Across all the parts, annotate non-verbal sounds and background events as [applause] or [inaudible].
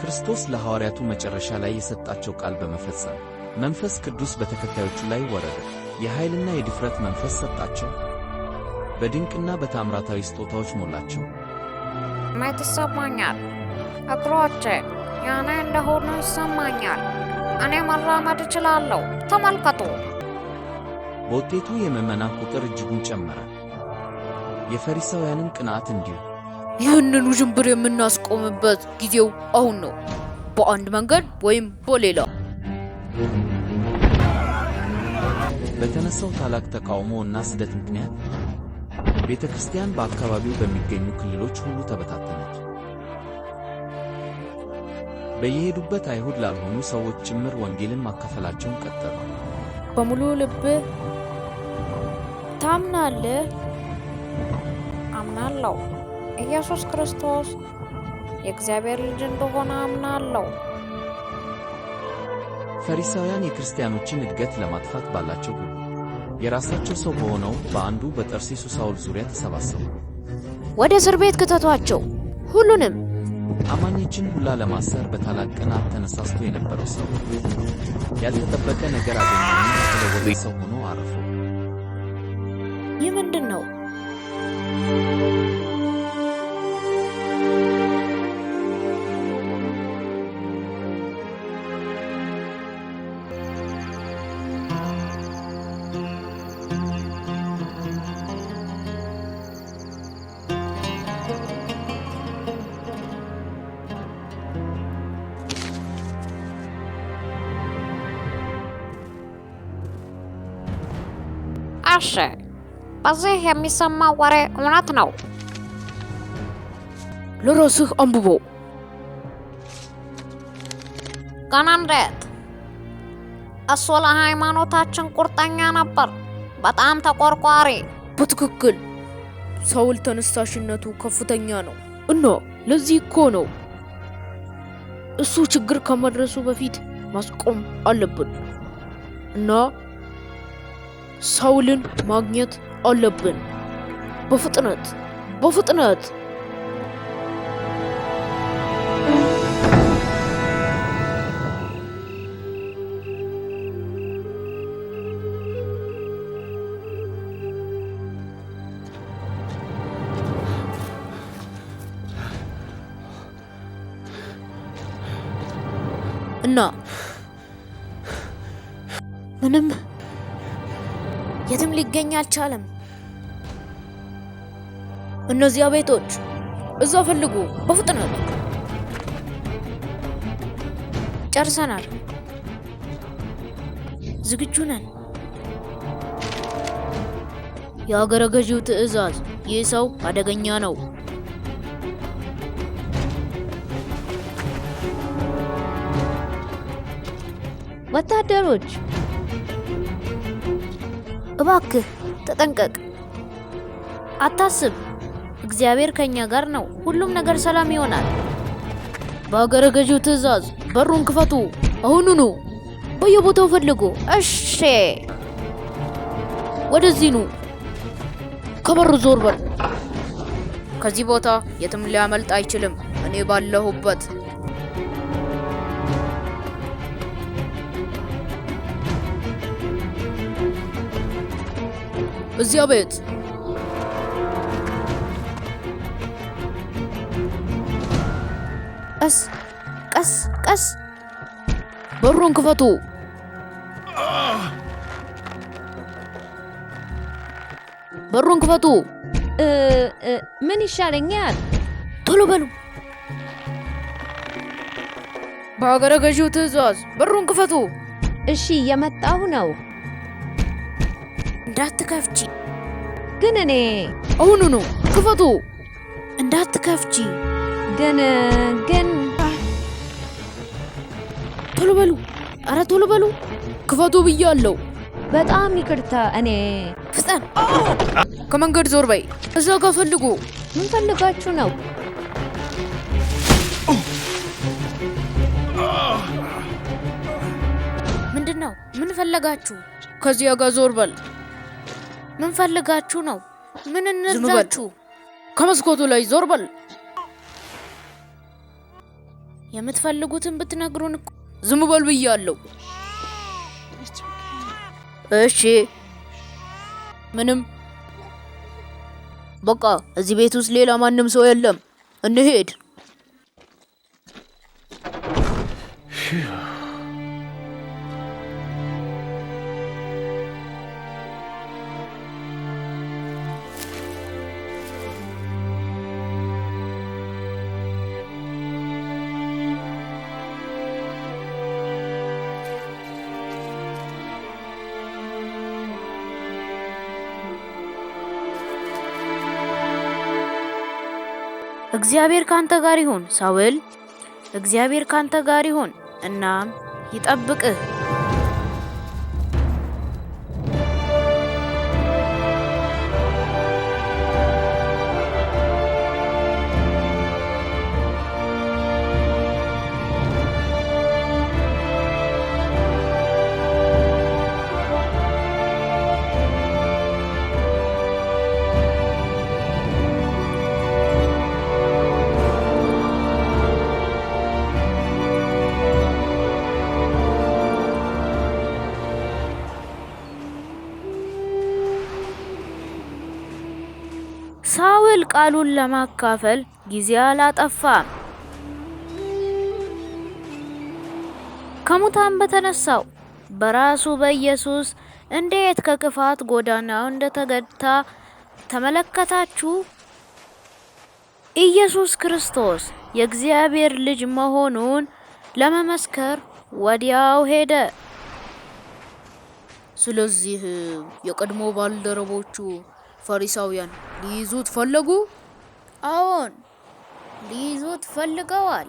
ክርስቶስ ለሐዋርያቱ መጨረሻ ላይ የሰጣቸው ቃል በመፈጸም መንፈስ ቅዱስ በተከታዮቹ ላይ ወረደ፣ የኃይልና የድፍረት መንፈስ ሰጣቸው፣ በድንቅና በታምራታዊ ስጦታዎች ሞላቸው። ማየት ይሰማኛል፣ እግሮቼ ያኔ እንደሆኑ ይሰማኛል፣ እኔ መራመድ እችላለሁ። ተመልከቱ። በውጤቱ የምዕመናን ቁጥር እጅጉን ጨመረ፣ የፈሪሳውያንም ቅንዓት እንዲሁ ይህንን ውዥንብር የምናስቆምበት ጊዜው አሁን ነው። በአንድ መንገድ ወይም በሌላ በተነሳው ታላቅ ተቃውሞ እና ስደት ምክንያት ቤተ ክርስቲያን በአካባቢው በሚገኙ ክልሎች ሁሉ ተበታተነች። በየሄዱበት አይሁድ ላልሆኑ ሰዎች ጭምር ወንጌልን ማካፈላቸውን ቀጠሉ። በሙሉ ልብ ታምናለህ? አምናለሁ። ኢየሱስ ክርስቶስ የእግዚአብሔር ልጅ እንደሆነ አምናለሁ። ፈሪሳውያን የክርስቲያኖችን እድገት ለማጥፋት ባላቸው ጉ የራሳቸው ሰው በሆነው በአንዱ በጠርሴሱ ሳውል ዙሪያ ተሰባሰቡ። ወደ እስር ቤት ክተቷቸው፣ ሁሉንም አማኞችን ሁላ ለማሰር በታላቅ ቅናት ተነሳስቶ የነበረው ሰው ያልተጠበቀ ነገር አገኘና የተለወጠ ሰው ሆኖ አረፈ። ይህ ምንድን ነው? እሺ፣ በዚህ የሚሰማ ወሬ እውነት ነው። ለራስህ አንብቦ ገና እንዴት! እሱ ለሃይማኖታችን ቁርጠኛ ነበር፣ በጣም ተቆርቋሪ። በትክክል ሳውል ተነሳሽነቱ ከፍተኛ ነው እና ለዚህ እኮ ነው እሱ ችግር ከመድረሱ በፊት ማስቆም አለብን እና ሳውልን ማግኘት አለብን። በፍጥነት በፍጥነት! እና ምንም የትም ሊገኝ አልቻለም። እነዚያ ቤቶች እዛ ፈልጉ፣ በፍጥነት ጨርሰናል፣ ዝግጁ ነን። የአገረ ገዢው ትዕዛዝ፣ ይህ ሰው አደገኛ ነው። ወታደሮች እባክህ ተጠንቀቅ፣ አታስብ፣ እግዚአብሔር ከኛ ጋር ነው። ሁሉም ነገር ሰላም ይሆናል። በአገረ ገዢው ትዕዛዝ በሩን ክፈቱ አሁኑኑ፣ በየቦታው ፈልጉ። እሺ፣ ወደዚህ ኑ። ከበሩ ዞር በል። ከዚህ ቦታ የትም ሊያመልጥ አይችልም። እኔ ባለሁበት እዚያ ቤት ቀስ ቀስ ቀስ፣ በሩን ክፈቱ። በሩን ክፈቱ። ምን ይሻለኛል? ቶሎ በሉ። በሀገረ ገዢው ትዕዛዝ በሩን ክፈቱ። እሺ፣ የመጣሁ ነው። እንዳትከፍቺ። ግን እኔ አሁኑ ነው ክፈቱ። እንዳትከፍቺ። ግን ግን ቶሎ በሉ፣ አረ ቶሎ በሉ፣ ክፈቱ ብያለሁ። በጣም ይቅርታ። እኔ ፍጠን፣ ከመንገድ ዞር በይ። እዛ ጋር ፈልጉ። ምን ፈልጋችሁ ነው? ምንድን ነው? ምን ፈለጋችሁ? ከዚያ ጋር ዞር በል። ምን ፈልጋችሁ ነው? ምን እንዛችሁ? ከመስኮቱ ላይ ዞር በል። የምትፈልጉትን ብትነግሩን ዝም በል ብያለሁ። እሺ ምንም በቃ እዚህ ቤት ውስጥ ሌላ ማንም ሰው የለም። እንሄድ እግዚአብሔር ካንተ ጋር ይሁን ሳውል፣ እግዚአብሔር ካንተ ጋር ይሁን እና ይጠብቅህ። ሳውል ቃሉን ለማካፈል ጊዜ አላጠፋም። ከሙታን በተነሳው በራሱ በኢየሱስ እንዴት ከክፋት ጎዳና እንደተገድታ ተመለከታችሁ። ኢየሱስ ክርስቶስ የእግዚአብሔር ልጅ መሆኑን ለመመስከር ወዲያው ሄደ። ስለዚህ የቀድሞ ባልደረቦቹ ፈሪሳውያን ሊይዙት ፈለጉ። አዎን ሊይዙት ፈልገዋል።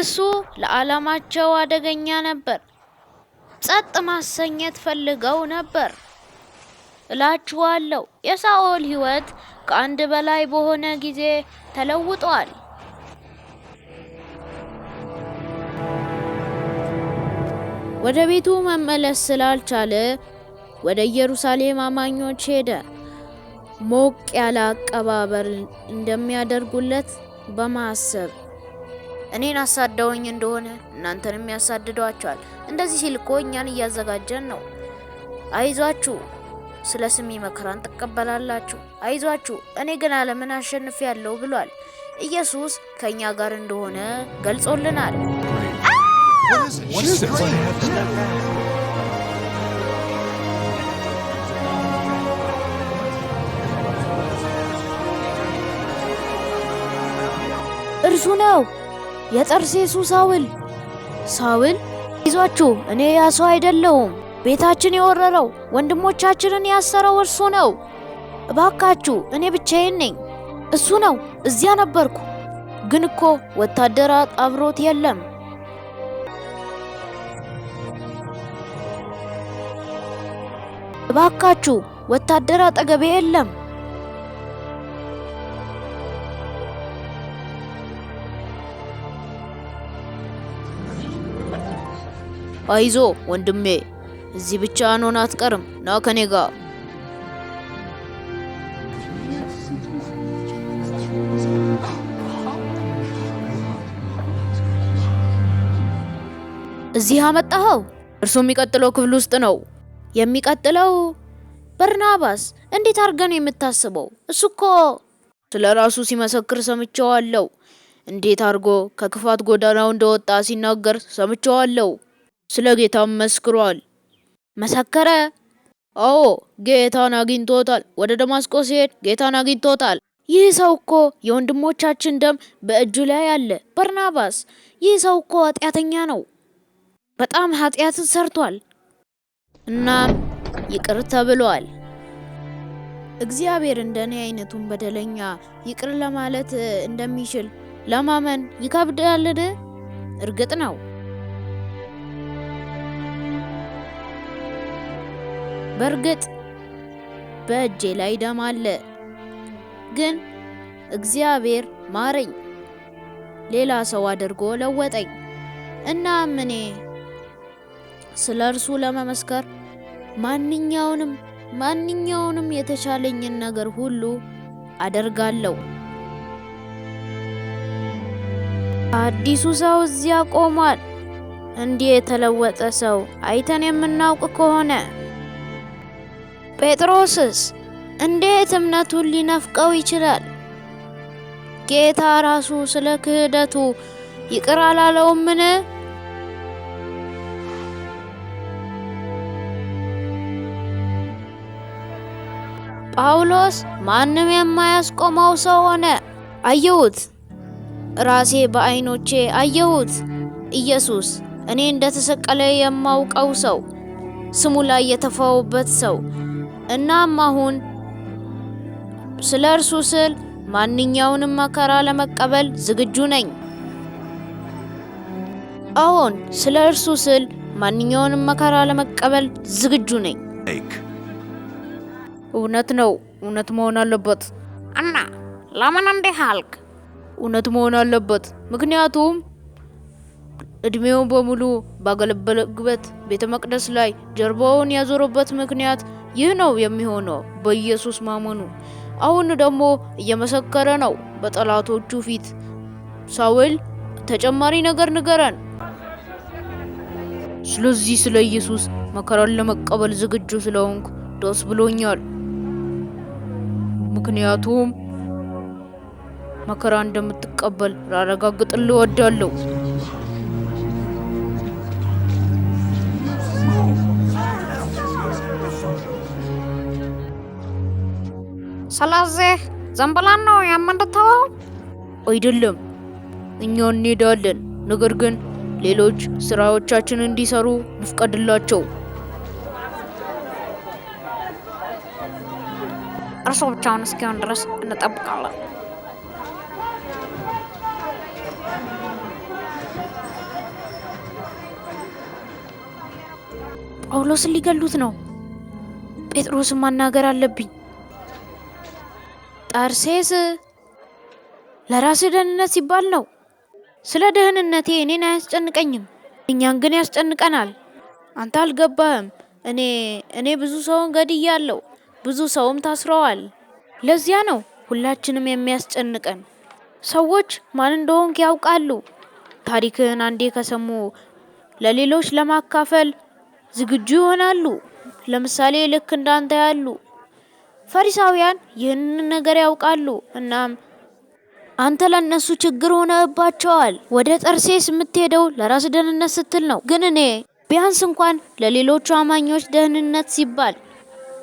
እሱ ለዓላማቸው አደገኛ ነበር። ጸጥ ማሰኘት ፈልገው ነበር። እላችኋለሁ የሳኦል ሕይወት ከአንድ በላይ በሆነ ጊዜ ተለውጧል። ወደ ቤቱ መመለስ ስላልቻለ ወደ ኢየሩሳሌም አማኞች ሄደ። ሞቅ ያለ አቀባበል እንደሚያደርጉለት በማሰብ እኔን አሳደውኝ እንደሆነ እናንተንም ያሳድዷቸዋል። እንደዚህ ሲል እኮ እኛን እያዘጋጀን ነው። አይዟችሁ፣ ስለ ስሜ መከራን ትቀበላላችሁ። አይዟችሁ፣ እኔ ግን ዓለምን አሸንፍ ያለው ብሏል። ኢየሱስ ከእኛ ጋር እንደሆነ ገልጾልናል። እርሱ ነው የጠርሴሱ ሳውል። ሳውል ይዟችሁ፣ እኔ ያ ሰው አይደለሁም። ቤታችን የወረረው ወንድሞቻችንን ያሰረው እርሱ ነው። እባካችሁ፣ እኔ ብቻዬን ነኝ። እሱ ነው፣ እዚያ ነበርኩ። ግን እኮ ወታደር አብሮት የለም። እባካችሁ፣ ወታደር አጠገቤ የለም። አይዞ ወንድሜ፣ እዚህ ብቻ ሆነህ አትቀርም። ና ከኔ ጋር። እዚህ አመጣኸው? እርሱ የሚቀጥለው ክፍል ውስጥ ነው የሚቀጥለው። በርናባስ፣ እንዴት አድርገህ ነው የምታስበው? እሱ እኮ ስለ ራሱ ሲመሰክር ሰምቼዋለሁ። እንዴት አድርጎ ከክፋት ጎዳናው እንደወጣ ሲናገር ሰምቼዋለሁ። ስለ ጌታም መስክሯል። መሰከረ። አዎ ጌታን አግኝቶታል። ወደ ደማስቆ ሲሄድ ጌታን አግኝቶታል። ይህ ሰው እኮ የወንድሞቻችን ደም በእጁ ላይ አለ። በርናባስ፣ ይህ ሰው እኮ ኃጢአተኛ ነው። በጣም ኃጢአትን ሰርቷል። እናም ይቅር ተብሏል። እግዚአብሔር እንደኔ አይነቱን በደለኛ ይቅር ለማለት እንደሚችል ለማመን ይከብዳልን? እርግጥ ነው በእርግጥ በእጄ ላይ ደም አለ፣ ግን እግዚአብሔር ማረኝ፣ ሌላ ሰው አድርጎ ለወጠኝ። እናም እኔ ስለ እርሱ ለመመስከር ማንኛውንም ማንኛውንም የተቻለኝን ነገር ሁሉ አደርጋለሁ። አዲሱ ሰው እዚያ ቆሟል። እንዲህ የተለወጠ ሰው አይተን የምናውቅ ከሆነ ጴጥሮስስ እንዴት እምነቱን ሊነፍቀው ይችላል? ጌታ ራሱ ስለ ክህደቱ ይቅር አላለውምን? ጳውሎስ ማንም የማያስቆመው ሰው ሆነ። አየሁት፣ ራሴ በዓይኖቼ አየሁት። ኢየሱስ እኔ እንደተሰቀለ የማውቀው ሰው ስሙ ላይ የተፋውበት ሰው እናም አሁን ስለ እርሱ ስል ማንኛውንም መከራ ለመቀበል ዝግጁ ነኝ። አዎን፣ ስለ እርሱ ስል ማንኛውንም መከራ ለመቀበል ዝግጁ ነኝ። እውነት ነው፣ እውነት መሆን አለበት። እና ለምን እንዲህ አልክ? እውነት መሆን አለበት ምክንያቱም እድሜውን በሙሉ ባገለገለበት ቤተ መቅደስ ላይ ጀርባውን ያዞረበት ምክንያት ይህ ነው የሚሆነው በኢየሱስ ማመኑ። አሁን ደግሞ እየመሰከረ ነው በጠላቶቹ ፊት። ሳውል ተጨማሪ ነገር ንገረን። ስለዚህ ስለ ኢየሱስ መከራን ለመቀበል ዝግጁ ስለሆንኩ ደስ ብሎኛል። ምክንያቱም መከራ እንደምትቀበል ላረጋግጥልህ እወዳለሁ። ስለዚህ ዝም ብለን ነው የምንተወው? አይደለም፣ እኛ እንሄዳለን። ነገር ግን ሌሎች ስራዎቻችን እንዲሰሩ እንፍቀድላቸው። እርሶ ብቻውን እስኪሆን ድረስ እንጠብቃለን። ጳውሎስን ሊገሉት ነው። ጴጥሮስን ማናገር አለብኝ። ጠርሴስ ለራሴ ደህንነት ሲባል ነው። ስለ ደህንነቴ እኔን አያስጨንቀኝም፣ እኛን ግን ያስጨንቀናል። አንተ አልገባህም። እኔ እኔ ብዙ ሰውን ገድያለሁ፣ ብዙ ሰውም ታስረዋል። ለዚያ ነው ሁላችንም የሚያስጨንቀን። ሰዎች ማን እንደሆንክ ያውቃሉ። ታሪክህን አንዴ ከሰሙ ለሌሎች ለማካፈል ዝግጁ ይሆናሉ። ለምሳሌ ልክ እንዳንተ ያሉ ፈሪሳውያን ይህንን ነገር ያውቃሉ። እናም አንተ ለእነሱ ችግር ሆነባቸዋል። ወደ ጠርሴስ የምትሄደው ለራስ ደህንነት ስትል ነው። ግን እኔ ቢያንስ እንኳን ለሌሎቹ አማኞች ደህንነት ሲባል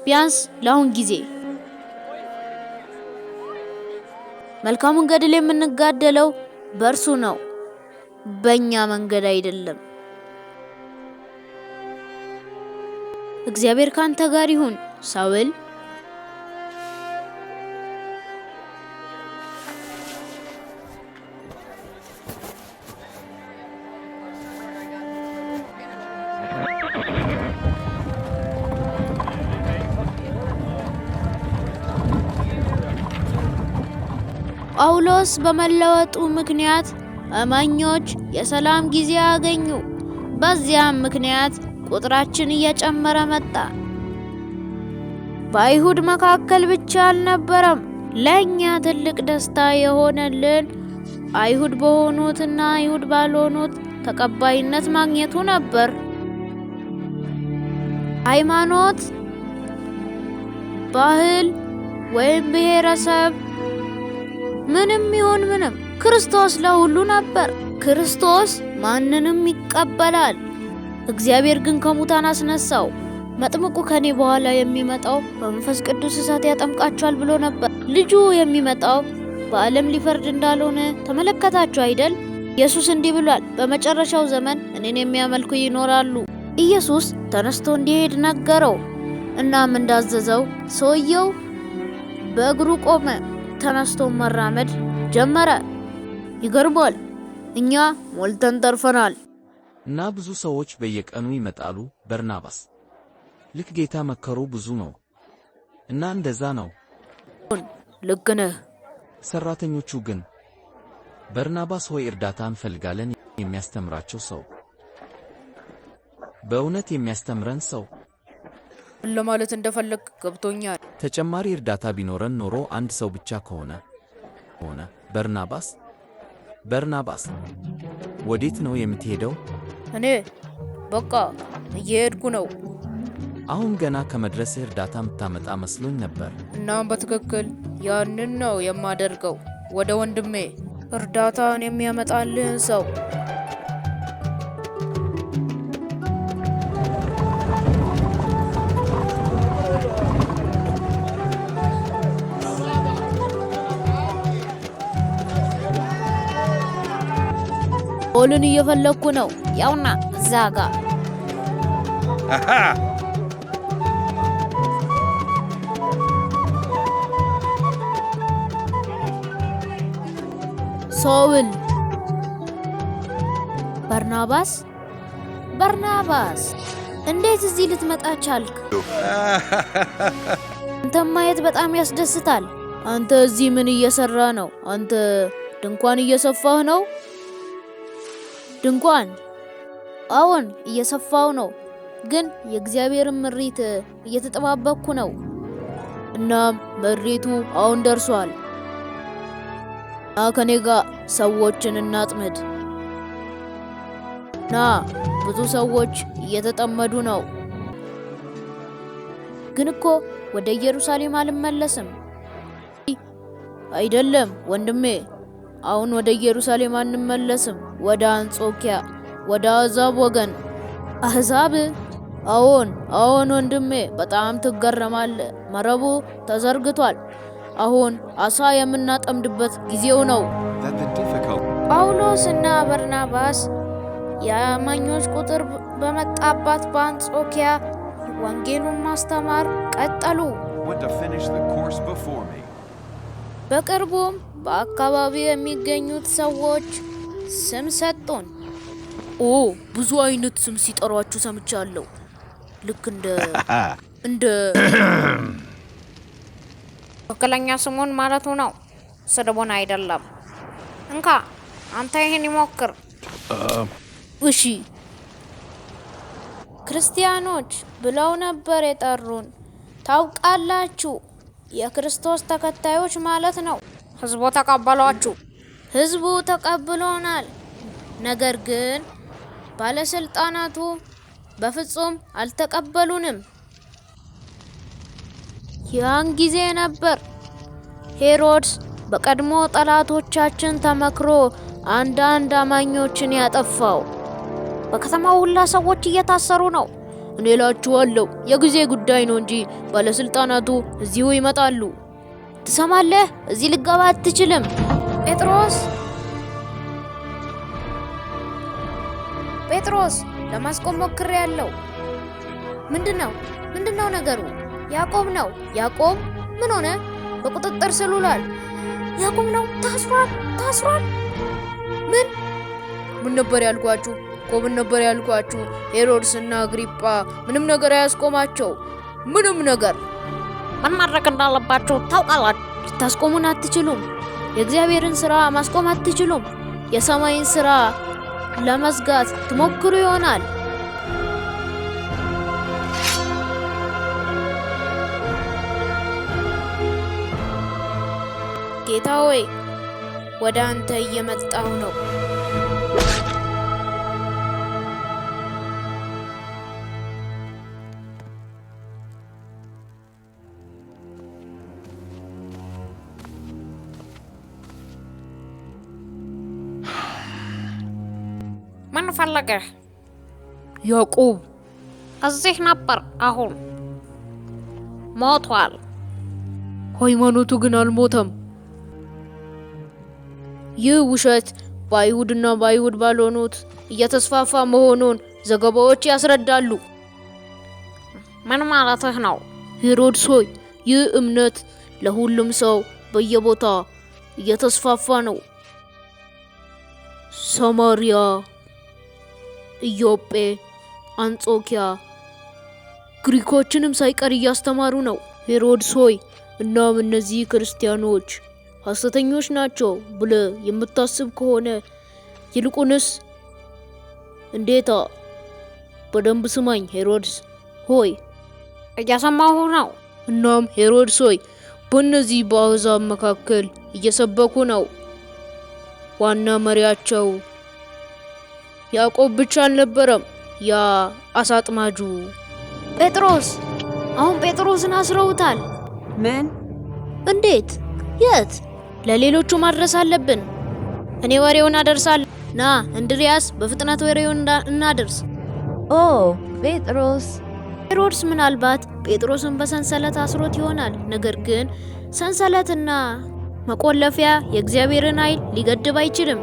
ቢያንስ ለአሁን ጊዜ መልካሙን ገድል የምንጋደለው በእርሱ ነው፣ በእኛ መንገድ አይደለም። እግዚአብሔር ካንተ ጋር ይሁን ሳውል። ጳውሎስ በመለወጡ ምክንያት አማኞች የሰላም ጊዜ አገኙ። በዚያም ምክንያት ቁጥራችን እየጨመረ መጣ። በአይሁድ መካከል ብቻ አልነበረም። ለእኛ ትልቅ ደስታ የሆነልን አይሁድ በሆኑትና አይሁድ ባልሆኑት ተቀባይነት ማግኘቱ ነበር። ሃይማኖት፣ ባህል ወይም ብሔረሰብ ምንም ይሁን ምንም ክርስቶስ ለሁሉ ነበር። ክርስቶስ ማንንም ይቀበላል። እግዚአብሔር ግን ከሙታን አስነሳው። መጥምቁ ከኔ በኋላ የሚመጣው በመንፈስ ቅዱስ እሳት ያጠምቃቸዋል ብሎ ነበር። ልጁ የሚመጣው በዓለም ሊፈርድ እንዳልሆነ ተመለከታችሁ አይደል? ኢየሱስ እንዲህ ብሏል፣ በመጨረሻው ዘመን እኔን የሚያመልኩ ይኖራሉ። ኢየሱስ ተነስቶ እንዲሄድ ነገረው። እናም እንዳዘዘው ሰውየው በእግሩ ቆመ። ተነስቶ መራመድ ጀመረ። ይገርማል፣ እኛ ሞልተን ተርፈናል። እና ብዙ ሰዎች በየቀኑ ይመጣሉ። በርናባስ ልክ ጌታ መከሩ ብዙ ነው እና እንደዛ ነው። ልክ ነህ። ሰራተኞቹ ግን በርናባስ ሆይ እርዳታ እንፈልጋለን። የሚያስተምራቸው ሰው በእውነት የሚያስተምረን ሰው ለማለት እንደፈለግ ገብቶኛል። ተጨማሪ እርዳታ ቢኖረን ኖሮ አንድ ሰው ብቻ ከሆነ ሆነ በርናባስ በርናባስ ወዴት ነው የምትሄደው? እኔ በቃ እየሄድኩ ነው። አሁን ገና ከመድረስህ እርዳታ የምታመጣ መስሎኝ ነበር። እናም በትክክል ያንን ነው የማደርገው። ወደ ወንድሜ እርዳታን የሚያመጣልህን ሰው ኦልን እየፈለግኩ ነው። ያውና እዛ ጋ ሶውል በርናባስ በርናባስ እንዴት እዚህ ልትመጣ ቻልክ? አንተም ማየት በጣም ያስደስታል። አንተ እዚህ ምን እየሰራ ነው? አንተ ድንኳን እየሰፋህ ነው? ድንኳን አዎን እየሰፋው ነው፣ ግን የእግዚአብሔርን ምሪት እየተጠባበቅኩ ነው። እናም ምሪቱ አሁን ደርሷል ና ከኔ ጋር ሰዎችን እናጥምድ ና ብዙ ሰዎች እየተጠመዱ ነው። ግን እኮ ወደ ኢየሩሳሌም አልመለስም። አይደለም ወንድሜ አሁን ወደ ኢየሩሳሌም አንመለስም፣ ወደ አንጾኪያ፣ ወደ አሕዛብ ወገን። አሕዛብ? አዎን፣ አዎን ወንድሜ፣ በጣም ትገረማለ። መረቡ ተዘርግቷል። አሁን አሳ የምናጠምድበት ጊዜው ነው። ጳውሎስ እና በርናባስ የአማኞች ቁጥር በመጣባት በአንጾኪያ ወንጌሉን ማስተማር ቀጠሉ። በቅርቡም በአካባቢው የሚገኙት ሰዎች ስም ሰጡን። ኦ ብዙ አይነት ስም ሲጠሯችሁ ሰምቻለሁ። ልክ እንደ [laughs] እንደ ትክክለኛ ስሙን ማለቱ ነው፣ ስድቡን አይደለም። እንካ አንተ ይህን ይሞክር። እሺ ክርስቲያኖች ብለው ነበር የጠሩን። ታውቃላችሁ፣ የክርስቶስ ተከታዮች ማለት ነው። ህዝቡ ተቀበሏችሁ? ህዝቡ ተቀብሎናል። ነገር ግን ባለስልጣናቱ በፍጹም አልተቀበሉንም። ያን ጊዜ ነበር ሄሮድስ በቀድሞ ጠላቶቻችን ተመክሮ አንዳንድ አማኞችን ያጠፋው። በከተማው ሁላ ሰዎች እየታሰሩ ነው። እኔ እላችኋለሁ የጊዜ ጉዳይ ነው እንጂ ባለስልጣናቱ እዚሁ ይመጣሉ። ትሰማለህ? እዚህ ልገባ አትችልም። ጴጥሮስ ጴጥሮስ፣ ለማስቆም ሞክሬ ያለው ምንድን ነው? ምንድን ነው ነገሩ? ያዕቆብ ነው። ያዕቆብ ምን ሆነ? በቁጥጥር ስር ውሏል። ያዕቆብ ነው። ታስሯል፣ ታስሯል። ምን ምን ነበር ያልኳችሁ? ያዕቆብን ነበር ያልኳችሁ። ሄሮድስና አግሪጳ ምንም ነገር አያስቆማቸው፣ ምንም ነገር ምን ማድረግ እንዳለባቸው ታውቃላችሁ። ልታስቆሙን አትችሉም። የእግዚአብሔርን ስራ ማስቆም አትችሉም። የሰማይን ስራ ለመዝጋት ትሞክሩ ይሆናል። ጌታ ሆይ ወደ አንተ እየመጣሁ ነው። ምን ፈለገ? ያዕቆብ እዚህ ነበር። አሁን ሞቷል። ሃይማኖቱ ግን አልሞተም። ይህ ውሸት በአይሁድና በአይሁድ ባልሆኑት እየተስፋፋ መሆኑን ዘገባዎች ያስረዳሉ። ምን ማለትህ ነው? ሄሮድስ ሆይ ይህ እምነት ለሁሉም ሰው በየቦታ እየተስፋፋ ነው። ሰማሪያ ኢዮጴ፣ አንጾኪያ ግሪኮችንም ሳይቀር እያስተማሩ ነው። ሄሮድስ ሆይ እናም እነዚህ ክርስቲያኖች ሐሰተኞች ናቸው ብለ የምታስብ ከሆነ ይልቁንስ እንዴታ፣ በደንብ ስማኝ ሄሮድስ ሆይ እያሰማሁ ነው። እናም ሄሮድስ ሆይ በእነዚህ በአሕዛብ መካከል እየሰበኩ ነው ዋና መሪያቸው ያዕቆብ ብቻ አልነበረም፣ ያ አሳጥማጁ ጴጥሮስ። አሁን ጴጥሮስን አስረውታል። ምን? እንዴት? የት? ለሌሎቹ ማድረስ አለብን። እኔ ወሬውን አደርሳለሁ። ና እንድሪያስ፣ በፍጥነት ወሬውን እናደርስ። ኦ ጴጥሮስ። ሄሮድስ ምናልባት ጴጥሮስን በሰንሰለት አስሮት ይሆናል። ነገር ግን ሰንሰለትና መቆለፊያ የእግዚአብሔርን ኃይል ሊገድብ አይችልም።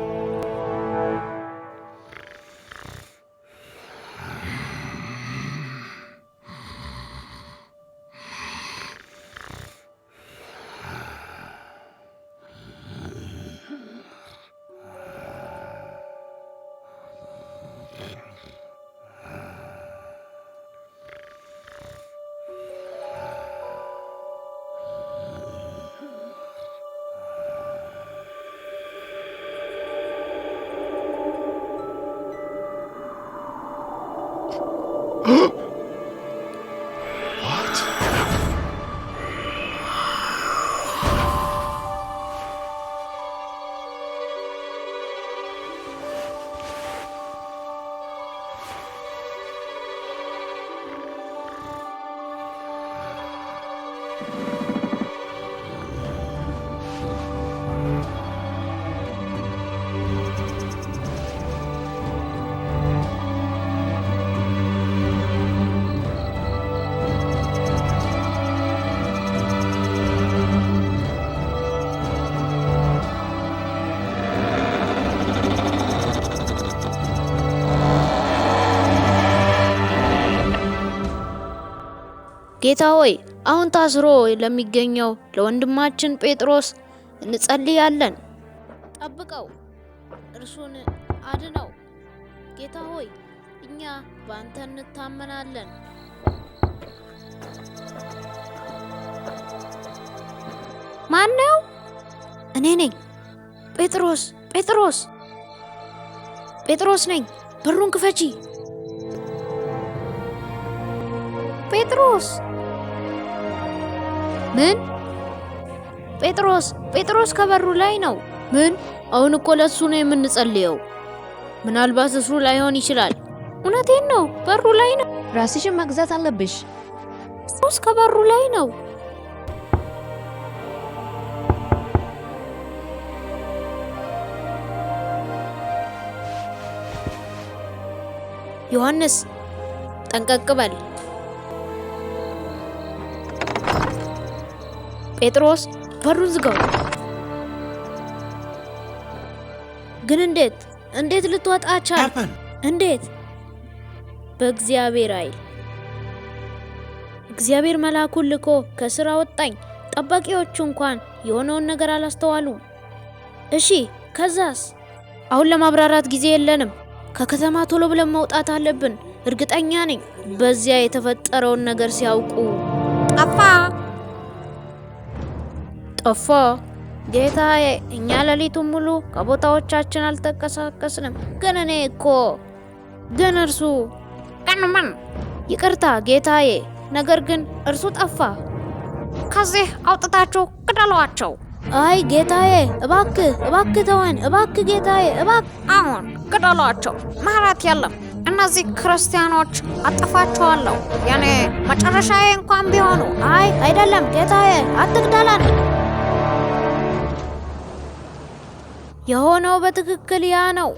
ゲーターおい、አሁን ታስሮ ለሚገኘው ለወንድማችን ጴጥሮስ እንጸልያለን። ጠብቀው፣ እርሱን አድነው። ጌታ ሆይ እኛ በአንተ እንታመናለን። ማን ነው? እኔ ነኝ። ጴጥሮስ ጴጥሮስ ጴጥሮስ ነኝ። በሩን ክፈቺ ጴጥሮስ ምን? ጴጥሮስ ጴጥሮስ ከበሩ ላይ ነው። ምን? አሁን እኮ ለሱ ነው የምንጸልየው። ምናልባት እስሩ ላይሆን ይችላል። እውነቴን ነው፣ በሩ ላይ ነው። ራስሽን መግዛት አለብሽ። ጴጥሮስ ከበሩ ላይ ነው። ዮሐንስ ጠንቀቅ በል ጴጥሮስ በሩን ዝጋው። ግን እንዴት እንዴት ልትወጣ ቻል? እንዴት? በእግዚአብሔር ኃይል። እግዚአብሔር መልአኩን ልኮ ከስራ ወጣኝ። ጠባቂዎቹ እንኳን የሆነውን ነገር አላስተዋሉም። እሺ ከዛስ? አሁን ለማብራራት ጊዜ የለንም። ከከተማ ቶሎ ብለን መውጣት አለብን። እርግጠኛ ነኝ በዚያ የተፈጠረውን ነገር ሲያውቁ ጠፋ ጠፋ። ጌታዬ፣ እኛ ሌሊቱን ሙሉ ከቦታዎቻችን አልተንቀሳቀስንም። ግን እኔ እኮ ግን እርሱ ቀን ምን ይቅርታ ጌታዬ፣ ነገር ግን እርሱ ጠፋ። ከዚህ አውጥታችሁ ግደሏቸው። አይ ጌታዬ፣ እባክ እባክ ተወን፣ እባክ ጌታዬ፣ እባክ አሁን ግደሏቸው። ምህረት የለም። እነዚህ ክርስቲያኖች አጠፋቸዋለሁ። ያኔ መጨረሻዬ እንኳን ቢሆኑ። አይ አይደለም ጌታዬ፣ አትግደለን። የሆነው በትክክል ያ ነው፣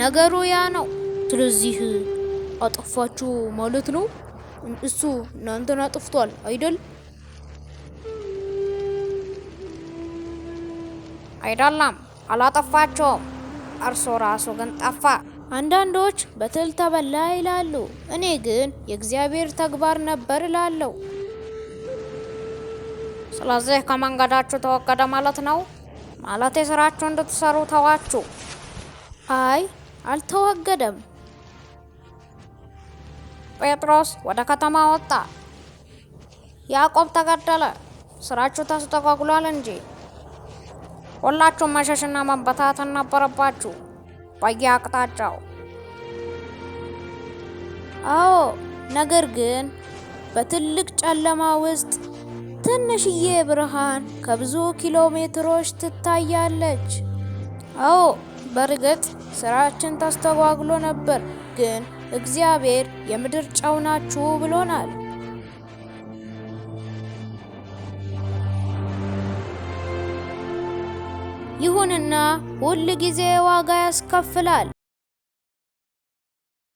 ነገሩ ያ ነው። ስለዚህ አጠፋችሁ ማለት ነው። እሱ እናንተን አጥፍቷል አይደል? አይደለም፣ አላጠፋቸውም። እርሱ ራሱ ግን ጠፋ። አንዳንዶች በትል ተበላ ይላሉ። እኔ ግን የእግዚአብሔር ተግባር ነበር እላለሁ። ስለዚህ ከመንገዳችሁ ተወገደ ማለት ነው። ማለት የስራችሁ እንድትሰሩ ተዋችሁ። አይ አልተወገደም። ጴጥሮስ ወደ ከተማ ወጣ። ያዕቆብ ተገደለ። ስራችሁ ተስተጓጉሏል እንጂ ሁላችሁም መሸሽና መበታተን ነበረባችሁ በየአቅጣጫው። አዎ ነገር ግን በትልቅ ጨለማ ውስጥ ትንሽዬ ብርሃን ከብዙ ኪሎ ሜትሮች ትታያለች። አዎ በእርግጥ ስራችን ተስተጓጉሎ ነበር፣ ግን እግዚአብሔር የምድር ጨው ናችሁ ብሎናል። ይሁንና ሁል ጊዜ ዋጋ ያስከፍላል።